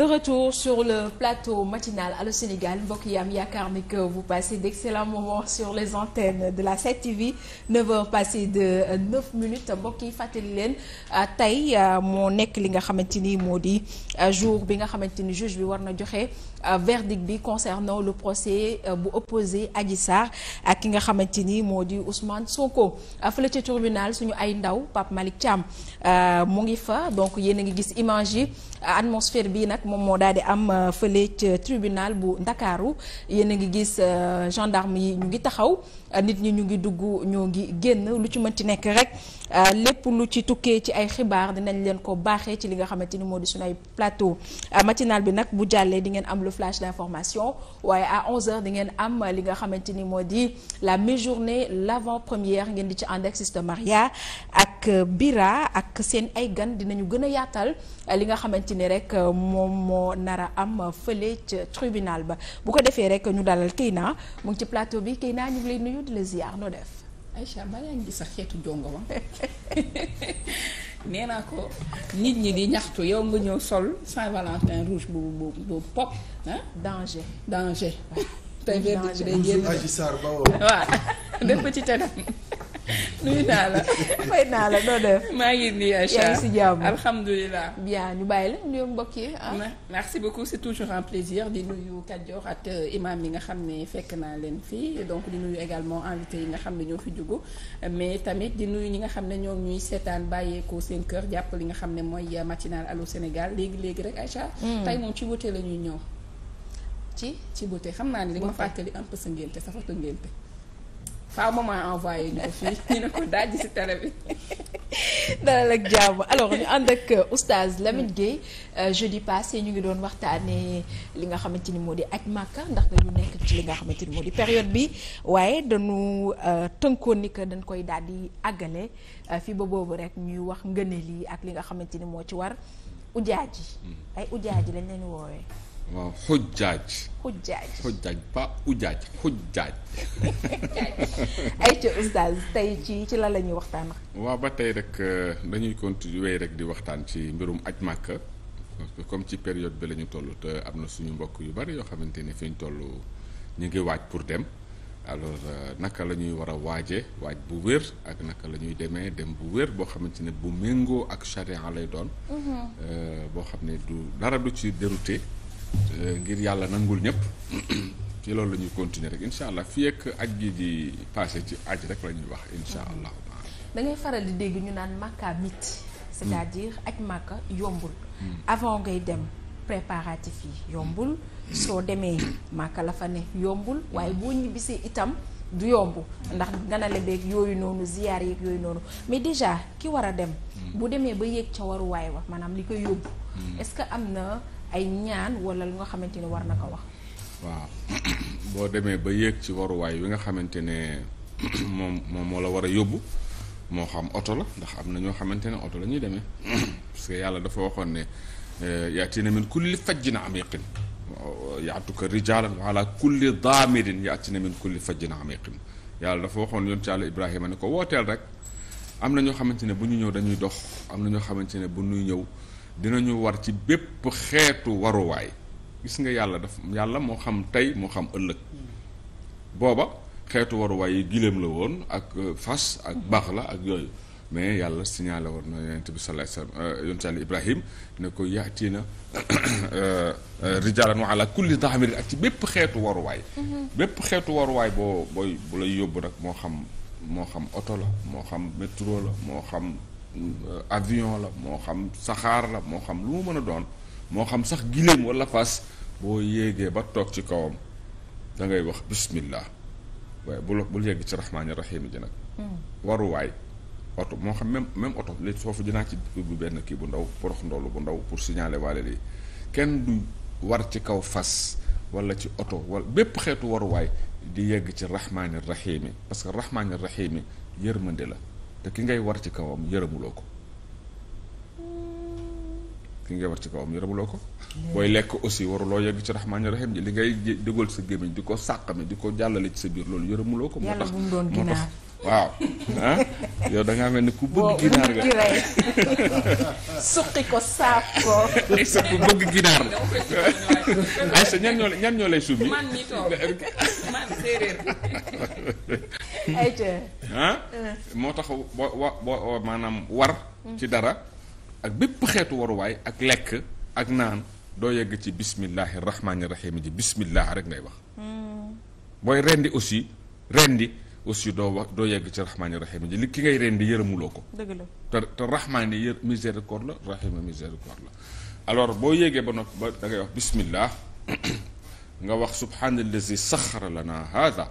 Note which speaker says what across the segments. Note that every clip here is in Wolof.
Speaker 1: de retour sur le plateau matinal Allô Sénégal mbokk yi am yaakaar ni que vous passez d'excellents moments sur les antennes de la 7TV 9h passé de 9 euh, minutes mbokk yi fàttali leen euh, tey euh, moo nekk li nga xamante ni moo di jour bi nga xamante ni juge bi war na joxe verdict bi concernant le procès bu opposé Adji Sarr ak ki nga xamante ni moo di Ousmane Sonko fële ca tribunal suñu ay ndaw Pape Malick Thiam mu ngi fa donc yéen a ngi gis image yi. Euh, atmosphère bi nag moom moo daal di am euh, fële ca tribunal bu Ndakaaru yéen a ngi gis euh, gendarme yi ñu ngi taxaw nit ñi ñu ngi dugg ñoo ngi génn lu ci mënti nekk rek lépp lu ci tukkee ci ay xibaar dinañ leen ko baaxee ci li nga xamante ni moo di suñu ay plateau matinal bi nag bu jàllee di ngeen am le flash d'information waaye à 11h di ngeen am li nga xamante ni moo di la mi journée l'avant-première ngeen di ci ànd ak Sister Maria ak ak Bira ak seen ay gan dinañu gën a yaatal eh, li nga xamante ni rek eh, moom moo nar am fële ca tribunal ba bu ko defee rek ñu dalal Keyna mu ngi ci plateau bi naa ñu ngi lay nuyu di la ziar noo def. Aïcha balaa ngi
Speaker 2: ko nit ñi di ñaxtu yow nga ñëw sol Saint Valentin rouge bu bu bu pop ah. ba woo. def ko ci tenam. nuyu naa la fay naa la noo def. maa ngi nii Aïcha yaa ngi si jàmm alhamdulilah. bien ñu bàyyi la nuyu mbokk yi ah. merci beaucoup c'est toujours un plaisir di nuyu jox ak euh, imam yi nga xam ne fekk naa leen fii donc di nuyu également invité yi nga xam ne ñoo fi jugu mais tamit di nuyu ñi nga xam ne ñoo ñuy seetaan bàyyeekoo seen kër jàpp li nga xam ne mooy euh, matinal Allô Sénégal léegi léegi rek Aïcha. Hmm. tey moom ci beauté la ñuy ñëw. ci ci beauté xam naa ne li ma fàttali un peu sa ngénte sa foto ngénte faaw maman envoyé ñu ko fii ñu ne ko dajji si télé bi.
Speaker 1: dalal ak jàmm alors ñu ànd ak euh, oustaz Lamine Gueye euh, jeudi passé ñu ngi doon waxtaanee li nga xamante ni moo di ak màkka ndax dañu nekk ci li nga xamante ni moo di période bi waaye dañu euh, tënkoon ni que dañ koy daal di àggale fii ba boobu rek ñuy wax ngëneel lii ak li nga xamante ni moo ci war ujaaji mm. ay ji lañ leen woowee.
Speaker 3: waaw xujjaaj. xujjaaj xujjaaj pas ujjaaj xujjaaj. ay ca
Speaker 1: oustaz tey ci ci la la ñuy waxtaan.
Speaker 3: waaw ba tey rek euh, dañuy continuer rek di waxtaan ci mbirum aj màkka parce comme ci période bi la ñu toll te am na suñu mbokk yu bari yoo xamante ni fi ñu toll ñu ngi waaj pour dem alors euh, naka la ñuy war a waajee waaj bu wér ak naka la ñuy demee dem bu wér boo xamante ne bu méngoo ak charia lay doon. Mhm. Euh, boo xam ne du dara du ci dérouté. Euh, ngir yàlla nangul ñëpp ci loolu la ñuy continuer rek incha allah fii ak aj gi di passé ci aj rek la wax incha mhm. allah.
Speaker 1: da ngay faral di dégg ñu naan màkka mit. cest à diir mm. aj màkka yombul. Mm. avant ngay dem préparatif yi yombul. Mm. soo demee makka la fa ne yombul waaye boo ñibbisee itam. du yomb ndax ganale beeg yooyu noonu ziyaar yeeg yooyu noonu mais déjà ki war a dem. bu demee ba yéeg ca waruwaay wax maanaam li ko yóbbu. est am na ay ñaan walla lu nga xamante ne war na ko wax.
Speaker 3: waaw boo demee ba yéeg ci waruwaay wi nga xamante ne moom moom moo la war a yóbbu moo xam oto la ndax am na ñoo xamante ne oto la ñuy demee parce yàlla dafa waxoon ne euh, yaatina min kulli fajjin amiqin yaatuka rijalan wa ala kulli daamirin yaatina min kulli fajjin amiqin yàlla dafa waxoon yoon ci yàlla Ibrahima ne ko wooteel rek am na ñoo xamante ne bu ñu ñëw dañuy dox am na ñoo xamante ne bu ñuy ñëw dina dinañu war ci bépp xeetu waruwaay gis nga yàlla daf yàlla moo xam tey moo xam ëllëg booba xeetu waruwaay yi giléem la woon ak euh, fas ak baax la ak yooyu mais yàlla signalé woon na yonent bi sallallahu alayhi wasallam euh, yonent yàlla Ibrahim ne ko yaatiina euh, rijaalan wa ala kulli daamirin ak ci bépp xeetu waruwaay mm-hmm. bépp xeetu waruwaay boo booy bu lay yóbbu nag moo xam moo xam oto la moo xam métro la moo xam Euh, avion la moo xam saxaar la moo xam lu mu mën a doon moo xam sax giléem wala fas boo yéegee ba toog ci kawam dangay wax bismillah waaye bul bul yég ci rahmaani rahiim ji nag hmm. waruwaay oto moo xam même même oto li foofu dinaa ci bu benn kii bu ndaw porox ndoolu bu ndaw pour signaler waale lii kenn du war ci kaw fas walla ci oto walla bépp xeetu waruwaay di yegg ci rahmaani rahiim parce que rahmaani rahiim yërmande la te ki ngay war ci kawam yërëmuloo ko ki ngay war ci kawam yërëmuloo ko booy lekk aussi waruloo yegg ci raxmaani raxiim ji li ngay dugal sa gémmiñ di ko sàqami di ko jàllale ci sa biir loolu yërëmuloo ko moo tax moo tax waaw ah yow da mel ni ku bëgg ginaar nga
Speaker 1: suqi ko saaf ko.
Speaker 3: sa ku bëgg ginaar la. ay sa ñan ñoo lay suuf bi. moo tax boo maanaam war. ci dara ak bépp xeetu waruwaay ak lekk ak naan doo yegg ci bismillahi rahmaani rahiim ji bismillah rek ngay wax. Hmm. booy rendi aussi rendi aussi doo wax doo yegg ci rahmaani rahiim ji li ki ngay rendi yërëmuloo ko. dëgg la te te rahmaani yër miséricorde la rahiim miséricorde la alors boo yéegee ba noppi ba da wax bismillah. nga wax subhaanallazi saxara lana haada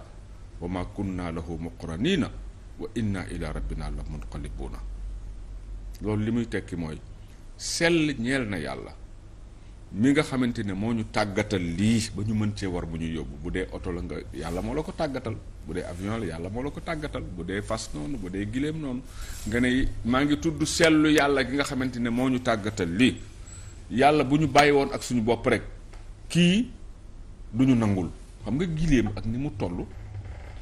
Speaker 3: wa ma kunna lahu muqranina wa inna ila rabbina la munqalibuna loolu li muy tekki mooy sell ñeel na yàlla mi nga xamante ne moo ñu tàggatal lii ba ñu mën cee war bu ñu yóbbu dee oto la nga yàlla moo la ko tàggatal bu dee avion la yàlla moo la ko tàggatal bu dee fas noonu bu dee giléem noonu nga ne maa ngi tudd sellu yàlla gi nga xamante ne moo ñu tàggatal lii yàlla bu ñu bàyyi woon ak suñu bopp rek kii du ñu nangul xam nga gileem ak ni mu toll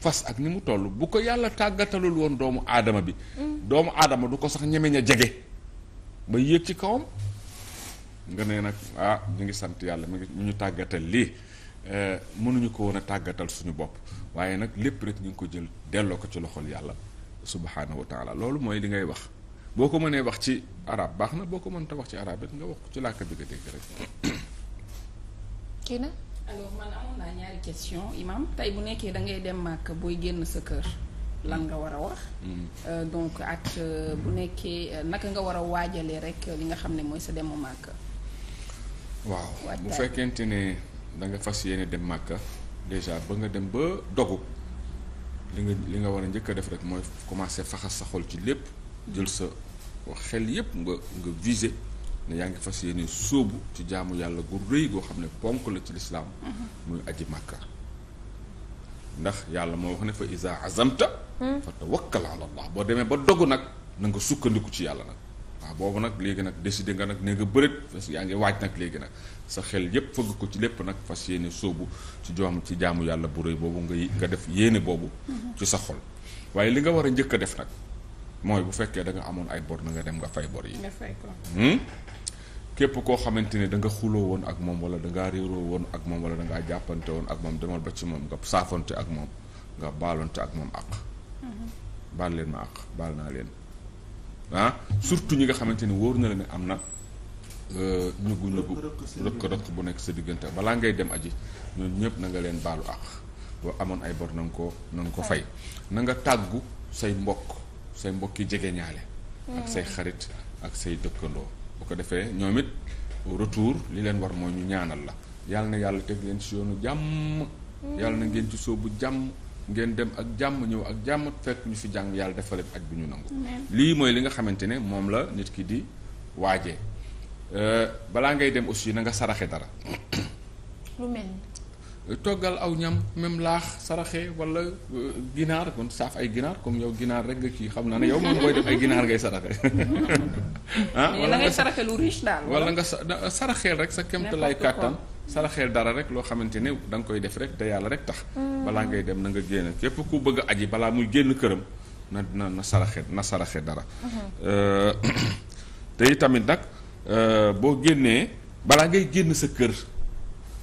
Speaker 3: fas ak ni mu toll bu ko yàlla tàggatalul woon doomu aadama bi doomu aadama du ko sax ñemeñ a jege ba yéeg ci kawam nga ne nag ah ngi sant yàlla mi ngi ñu tàggatal lii eh, mënuñu ko woon a tàggatal suñu bopp waaye nag lépp rek ñu ngi ko jël delloo ko ci loxol yàlla subhaanahu wa taala loolu mooy li ngay wax boo ko mënee wax ci arab baax na boo ko mënta wax ci araab it nga wax ko ci làkk bi nga dégg
Speaker 4: rek
Speaker 2: alors man amoon naa ñaari question imam tey bu nekkee da ngay dem màkk booy génn sa kër lan nga war a wax hmm. euh, donc ak euh, bu nekkee euh, naka nga war a waajalee rek li nga xam ne mooy sa demu màkk
Speaker 3: waaw bu fekkente ne danga nga fas yéene dem màkk déjà ba nga dem ba dogu li nga li nga war a njëkk a def rek mooy commencer faxas sa xol ci lépp jël sa xel yépp nga nga viser ne yaa ngi fas yéene sóobu ci jaamu yàlla gu rëy goo xam ne ponk la ci lislaam muy aji ndax yàlla moo wax ne fa isa azamta hmm. fa tawakkal ala boo demee ba dogg nag na nga sukkandiku ci yàlla nag waaw boobu nag léegi nag décidé nga nag ne nga bërit yaa ngi waaj nag léegi nag sa xel yépp fëgg ko ci lépp nag fas yéene sóobu ci joom ci jaamu yàlla bu rëy boobu nga nga def yéene boobu hmm. ci sa xol waaye li nga war a njëkk a def nag mooy bu fekkee da nga amoon ay bor na nga dem nga fay bor yi. nga fay ko. Hmm? képp koo xamante ne da nga xuloo woon ak moom wala da ngaa réeroo woon ak moom wala da ngaa jàppante woon ak moom demal ba ci moom nga saafante ak moom nga baalonte ak moom àq. Mm-hmm. baal leen ma àq baal naa leen ah surtout ñi nga xamante ni wóor na la ne am na. ñugu euh, ñugu rëkk-rëkk bu nekk sa diggante balaa ngay dem aji ñun ñëpp na nga leen baalu àq boo amoon ay bor na ko na nga ko fay na nga tàggu say mbokk. say mbokki jege ñaale ak mm. say xarit ak say dëkkandoo bu ko defee ñoom it retour li leen war moo ñu ñaanal la yàlla na yàlla teg leen ci yoonu jàmm mm. yàlla na ngeen ci bu jàmm ngeen dem ak jàmm ñëw ak jàmm fekk ñu fi jàng yàlla defaleen aj bu ñu nangu lii mooy li nga xamante ne moom la nit ki di waajee euh, balaa ngay dem aussi na nga saraxe dara toggal aw ñam même laax saraxe wala euh, ginaar kon saaf ay ginaar comme yow ginaar rek nga kii xam naa ne yow moom booy def ay ginaar ngay saraxe ah wala ngay saraxe
Speaker 2: lu riche daal wala
Speaker 3: nga saraxeel rek sa kemt lay kàttan saraxeel dara rek loo xamante ne da nga koy def rek te yàlla rek tax hmm. balaa ngay dem na nga génn képp ku bëgg a aji balaa muy génn këram na na na saraxe na saraxe dara hmm. euh, te itamit nag euh, boo génnee balaa ngay génn sa kër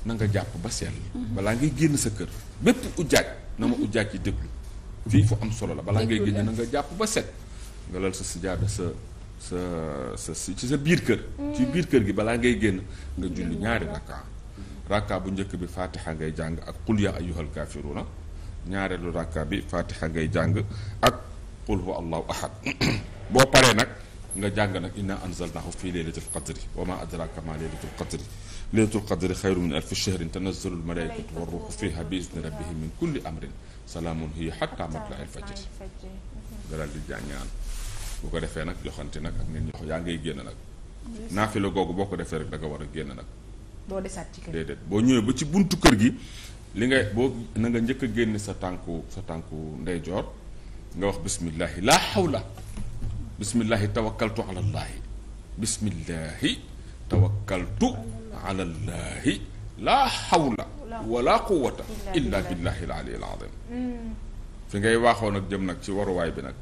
Speaker 3: na nga jàpp ba sell balaa ngay génn sa kër bépp ujjaaj na ma mhm. ujjaaj yi déglu fii fu am solo la balaa ngay génn na nga jàpp ba set nga lal sa sijaada sa sa si ci sa biir kër ci mm. biir kër gi balaa ngay génn nga julli ñaari rakka rakka bu njëkk bi faatiha ngay jàng ak qul ya ayyuhal kaafiruuna ñaareelu rakka bi faatiha ngay jàng ak qul huwa allahu ahad boo paree nag nga jàng nag inna anzalnahu fii laylatil qadri wa ma adraka ma laylatul qadri laylatul qadri xayru min alfi shahrin tanazzalu almalaikatu wa ruuxu fiha bi izni rabbihim min kulli amrin salaamun hiya hatta matla al fajri nga daal di jàngaan ko defee nag joxante nag ak nit ñi yaa ngay génn nag naafila googu boo ko defee rek da nga war a génn nag doo desaat boo ñëwee ba ci buntu kër gi li nga boo na nga njëkk a génn sa tànku sa tànku ndeyjoor nga wax bismillahi laa hawla bismillahi tawakkaltu alallaahi bismillahi tawakkaltu alallaahi laa hawla wala quwata illa billahi la aliyyil azim hmm. fi ngay waaxoo nag jëm nag ci waruwaay bi nag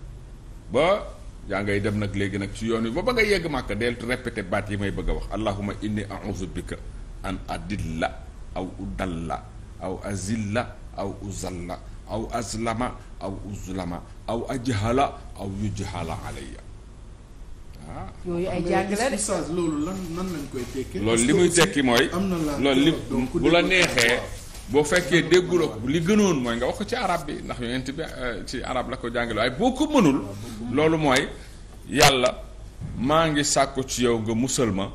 Speaker 3: ba yaa ngay dem nag léegi nag ci yoon wi ba ba nga yegg màkk del répété baat yi may bëgg wax allahuma inni a'udhu bika an adilla aw udalla aw azilla aw uzalla aw azlama aw uzlama aw ajhala aw yujhala alayya
Speaker 2: ah. yooyu ay
Speaker 3: loolu lan nan lañ koy tekki. loolu li muy tekki mooy. loolu li bu la neexee. boo fekkee dégguloo ko li gënoon mooy nga wax ko ci arab bi ndax yonent bi euh, ci arab la ko jàngale waaye boo ko mënul. loolu mooy yàlla maa ngi sàkku ci yow nga musal ma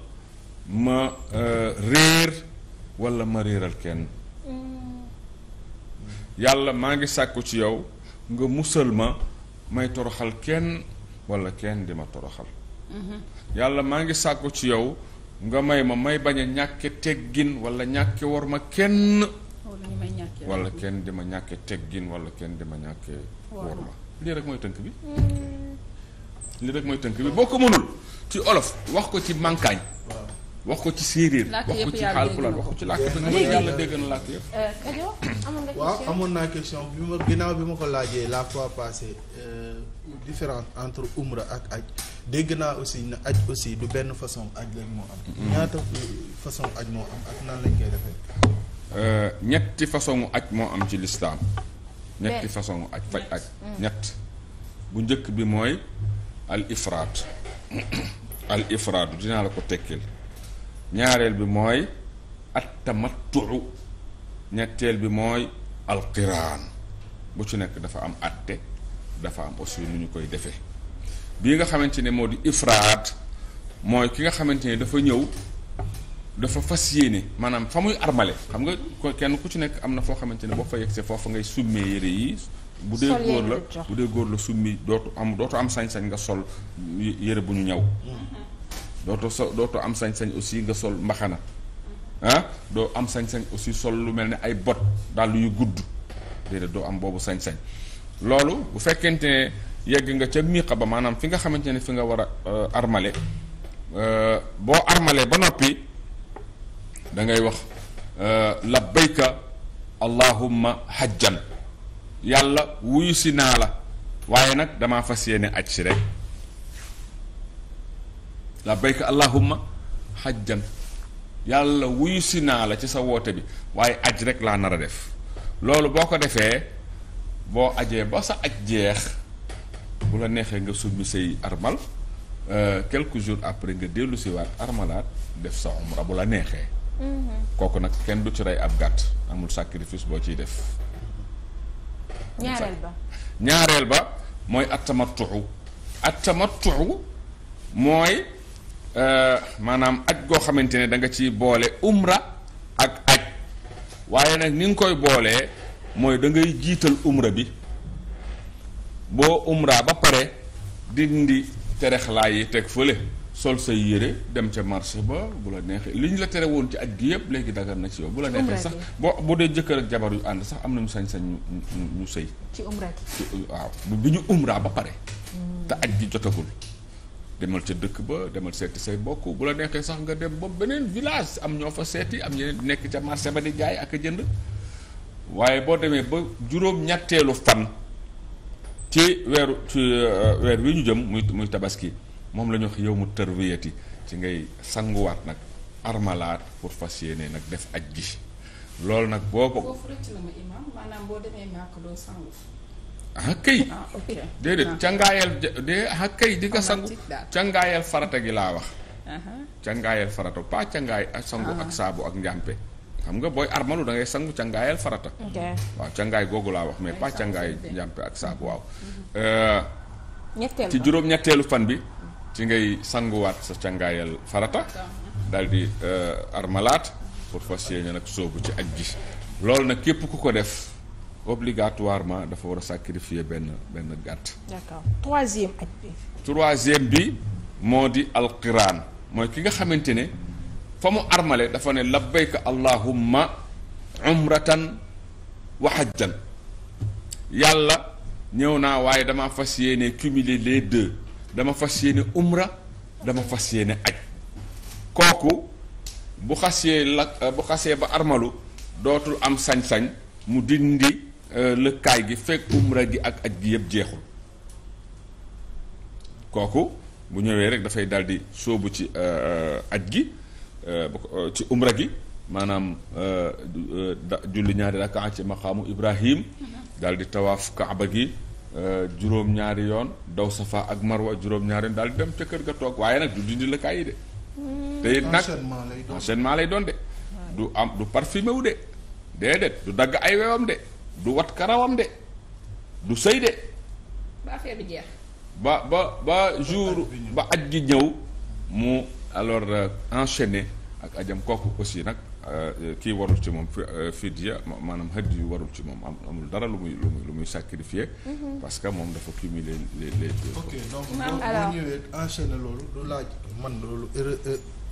Speaker 3: ma euh, réer walla ma réeral kenn
Speaker 4: mm.
Speaker 3: yàlla maa ngi sàkku ci yow. nga musal ma may toroxal kenn walla kenn di ma toroxal yàlla maa ngi sàkku ci yow nga may ma may bañ a ñàkke teggin wala ñàkke war ma kenn wala kenn di ma ñàkke teggin wala kenn di ma ñàkke war ma lii rek mooy tënk bi
Speaker 2: mm.
Speaker 3: lii rek mooy tënk bi boo ko mënul ci olof wax ko ci mànkaañ wax ko ci séeréer wax ko ci xaalpulaar wax ko ci làkk bi nga dégg làkk yëpp
Speaker 4: euh, waaw amoon
Speaker 3: naa question bi bi ma ko laajee la fois passée euh, entre umra ak aj dégg naa aussi na aj aussi du benn façon aj lañ moo am mm-hmm. ñaata façon aj moo am ak nan lañ koy euh, ci lislaam ñetti façon aj faj aj mm. ñett bu njëkk bi mooy al ifraat al ifraat dinaa la ko tekkil ñaareel bi mooy attamattu ñetteel bi mooy alqiraan bu ci nekk dafa am atte dafa am aussi nu ñu koy defee bii nga xamante ne moo di ifraat mooy ki nga xamante ne dafa ñëw dafa fas yéene maanaam fa muy armale xam nga kenn ku ci nekk am na foo xamante ne boo fa yegsee foofu ngay summee yére yi bu dee góor la bu dee góor la summi dootu am dootu am sañ-sañ nga sol yére bu ñu ñaw mm-hmm. dootoo so dootu am sañ-sañ aussi nga sol mbaxana ah doo am sañ-sañ aussi sol lu mel ni ay bot dàll yu gudd déedéet doo am boobu sañ-sañ loolu bu fekkente ne yegg nga ca miiqa ba maanaam fi nga xamante ne fi nga war a euh, armale euh, boo armalee ba noppi da ngay wax euh, labbayka allahumma hajjan yàlla wuyu si naa la waaye nag damaa fas yéene aj si rek la bayka allahumma hajjan yàlla wuyusi naa la ci sa woote bi waaye aj rek laa nar a def loolu boo ko defee boo ajee ba sa aj jeex bu la neexee nga summi say armal euh, quelque jours après nga dellu waat armalaat def sa umra bu la neexee mm-hmm. kooku nag kenn du ci rey ab gàtt amul sacrifice boo ciy def ñaareel ba mooy ba mooy attamattu attamattu mooy Euh, maanaam aj goo xamante ne da nga ci boole umra ak aj waaye nag ni nga koy boolee mooy da ngay jiital umra bi boo umra ba pare dindi terexlaay yi teg fële sol say yére dem ca marché ba bu la neexee li ñu la tere woon ci aj gi yëpp léegi dagar na ci yow bu la neexee sax boo boo dee jëkkër ak jabar yu ànd sax am nañu sañ-sañ ñu ñu sëy
Speaker 1: ci umra gi
Speaker 3: waaw bi ñu umra ba pare mm. te aj gi jotagul demal ca dëkk ba demal seeti say bokk bu la neexee sax nga dem ba beneen village am ñoo fa seeti am ñeneen nekk ca marché ba di jaay ak a jënd waaye boo demee ba juróom-ñetteelu fan ci weeru ci euh, weer wi ñu jëm muy muy tabaski moom lañu ñu wax yow mu tërwiyati ci ngay sanguwaat nag armalaat pour fas yéene nag def aj gi nag boo ko. ah
Speaker 2: kay déedéet
Speaker 3: cangaayal dé ah kay di nga sangu cangaayal farata gi laa wax cangaayal farata pas cangaay ak sangu ak ah. saabu ak njàmpe xam nga booy armalu da sangu cangaayal farata waaw cangaay googu laa wax mais pas cangaay njàmpe ak saabu waaw mhm.
Speaker 4: euh, ci juróom
Speaker 3: ñetteelu fan bi ci ngay sanguwaat sa càngaayal farata dal di euh, armalaat pour fas yéene nag soobu ci aj gi loolu nag képp ku ko def obligatoirement dafa war a sacrifier benn benn gàtt.
Speaker 1: d'accord troisième
Speaker 3: aj bi. bi moo di alqiraan mooy ki nga xamante ne fa mu armale dafa ne labbayka allahumma umratan wa hajjan yàlla ñëw naa waaye dama fas yéene cumuler les deux dama fas yéene umra dama fas yéene aj kooku bu xasee la bu xasee ba armalu dootul am sañ-sañ mu dindi Euh, lëkkaay gi fekk umra gi ak aj gi yëpp jeexul kooku bu ñëwee rek dafay daal di sóobu ci euh, euh, aj gi ci umra gi maanaam julli ñaari rakaa ci maqaamu Ibrahim daal di tawaaf kaaba gi juróom-ñaari yoon daw safa ak marwa juróom-ñaari yoon daal dem ca kër ga toog waaye nag du dindi lëkkaay yi de
Speaker 4: hmm. te it nag
Speaker 3: enchaînement lay doon de du am du parfumé wu de du dagg ay wewam de du wat karawam de du sëy de. ba affaire bi jeex. ba ba ba jour ba aj gi ñëw mu alors euh, ak ajam kooku aussi nag euh, kii warul ci moom fit euh, fidia maanaam xëdd yu warul ci moom amul dara lu muy lu muy lu muy sacrifié. Mhm. que moom dafa cumuler les les deux. ok
Speaker 4: donc
Speaker 2: ñëwee
Speaker 1: enchaîné loolu laa laaj man loolu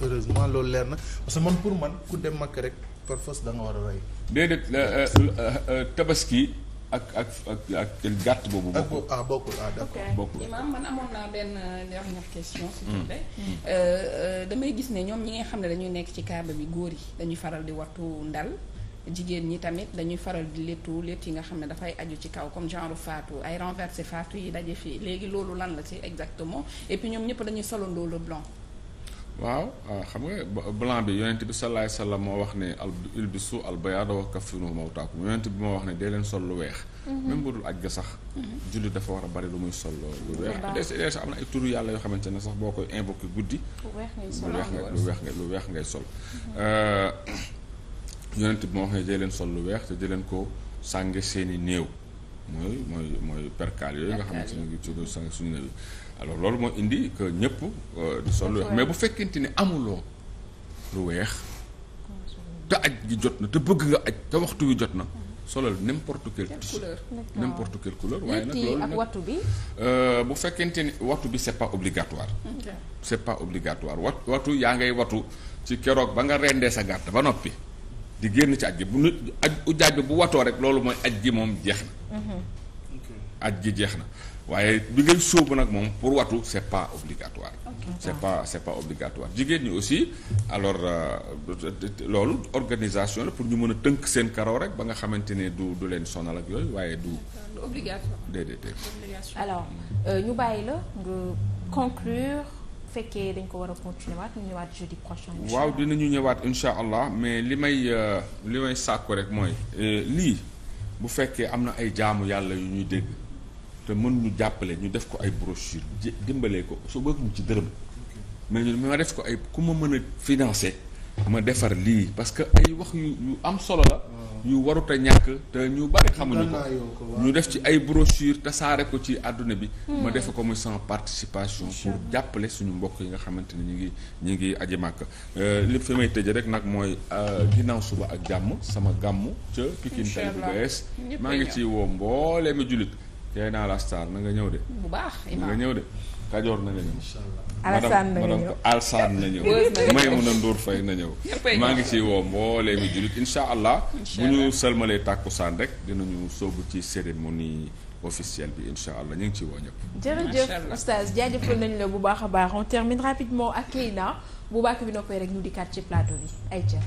Speaker 1: heureusement loolu leer na parce que man pour man ku dem makk rek par force da nga war a rey.
Speaker 3: déedéet euh, euh, euh, tabaski ak ak ak ak gàtt boobu bokkul. ah bokkul ah d'accord bokkul.
Speaker 2: Imaam man amoon naa benn dernière question. s'il vous hmm. plaît hmm. damay gis ne ñoom ñi nga xam ne dañuy nekk ci kaaba bi góor yi dañuy faral di wattu ndal. jigéen ñi tamit dañuy faral di léttu létt yi nga xam ne dafay aju ci kaw comme genre faatu ay renversé faatu yi daje fii léegi loolu lan la ci exactement et puis ñoom ñëpp dañuy solo le blanc.
Speaker 3: waaw xam nga blanc bi yonent bi salaay salaam moo wax ne al ilbisu al bayaada wa kaffinu mawtaakum yonent bi moo wax ne dee leen sol lu weex. Mhm. même bu dul aj ga sax. Mhm. jullit dafa war a bari lu muy sol lu am na ay turu yàlla yoo xamante ne sax boo koy invoqué guddi.
Speaker 4: lu weex ngay lu weex
Speaker 3: ngay lu weex ngay sol. Mhm. Euh, yonent bi moo wax ne dee leen sol lu weex te dee leen ko sànge seeni néew. mooy mooy mooy perkaal yooyu nga xamante ne bii ci suñu néew yi. alors loolu mooy indi que ñëpp euh, di sol lu weex mais bu fekkente ni amuloo lu weex te aj gi jot na te bëgg nga aj te waxtu wi jot na solal n'importe quelle
Speaker 1: tissu n'importe
Speaker 3: quelle couleur waaye nag loolu ak wattu bi euh, bu fekkente ni wattu bi c'est pas obligatoire c'est pas obligatoire wat wattu yaa ngay watu ci keroog ba nga rendee sa gàtt ba noppi di génn ci aj gi bu nit bi bu watoo rek loolu mooy aj gi moom jeex na mhm. aj gi jeex na waaye bi ngay sóobu nag moom pour watu c' est pas obligatoire. c' est pas c' est jigéen ñi aussi alors euh, loolu organisation la pour ñu mën a tënk seen karaw rek ba nga xamante ne du du leen sonal ak yooyu waaye du.
Speaker 1: Euh, obligatoire déedéet alors euh, ñu bàyyi la nga conclure. fekkee dañ ko war a continuer waat ñu ñëwaat
Speaker 3: jeudi ñëwaat incha allah mais li may li may sàkku rek mooy lii bu fekkee am na ay jaamu yàlla yu ñuy dégg. te mën ñu jàppale ñu def ko ay brochure dimbalee ko su bëggum ci dërëm mais ñu ma def ko ay ku ma mën a financer ma defar lii parce que ay wax yu am solo la ah. yu warut a ñàkk te ñu bari xamuñu
Speaker 4: ko ñu def ci
Speaker 3: ay brochure tasaare ko ci àdduna bi hmm. ma def ko muy sans participation pour jàppale suñu mbokk yi nga xamante ni ñu ngi ñu ngi aji màkk euh, li fi may tëje rek nag mooy euh, ginnaaw suba ak jàmm sama gàmm ca Pikine tali bu maa ngi ciy woo mboolee mi jullit yaay naa la star na nga ñëw de.
Speaker 2: bu baax imaam na nga
Speaker 3: ñëw de. Kajoor na nga ñëw. Alassane na nga ñëw Alassane na ñëw. Maymuna Ndour Faye na ñëw. maa ngi ciy woo mboolee mi jullit incha allah. bu ñu sëlmalee tàkkusaan rek dinañu sóobu ci cérémonie officielle bi incha allah ñu ngi ciy woo ñëpp.
Speaker 1: jërëjëf oustaz jaajëfal nañu la bu baax a baax on termine rapidement ak Leïna bu baax bi noppee rek ñu dikkaat ci plateau bi ayca.